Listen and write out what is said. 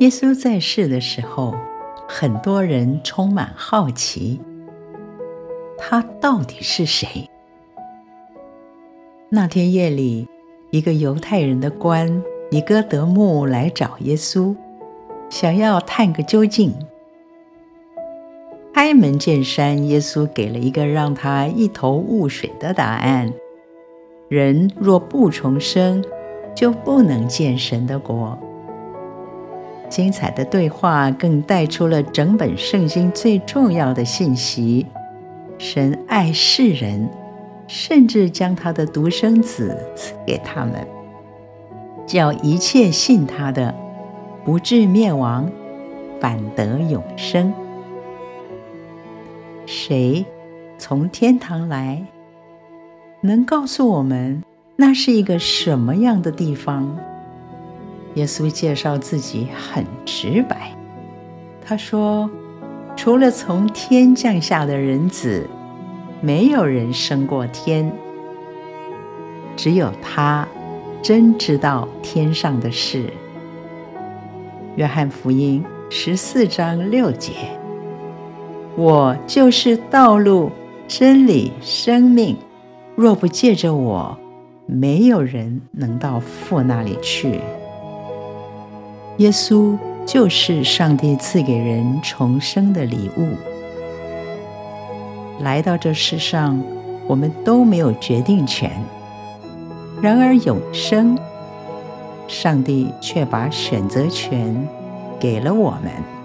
耶穌在世的時候，很多人充滿好奇，他到底是誰？那天夜裡，一個猶太人的官尼哥底母來找耶穌，想要探個究竟。開門見山，耶穌給了一個讓他一頭霧水的答案：人若不重生，就不能見神的國。精彩的對話更帶出了整本聖經最重要的信息：神愛世人，甚至將他的獨生子賜給他們，叫一切信他的，不至滅亡，反得永生。誰從天堂來，能告訴我們？那是一個什麼樣的地方？耶穌介紹自己很直白，他說：“除了從天降下的人子，沒有人升過天，只有他真知道天上的事。”《約翰福音》十四章六節：“我就是道路、真理、生命，若不借着我。”沒有人能到父那裡去。耶穌就是上帝賜給人重生的禮物。來到這世上，我們都沒有決定權；然而永生，上帝卻把選擇權給了我們。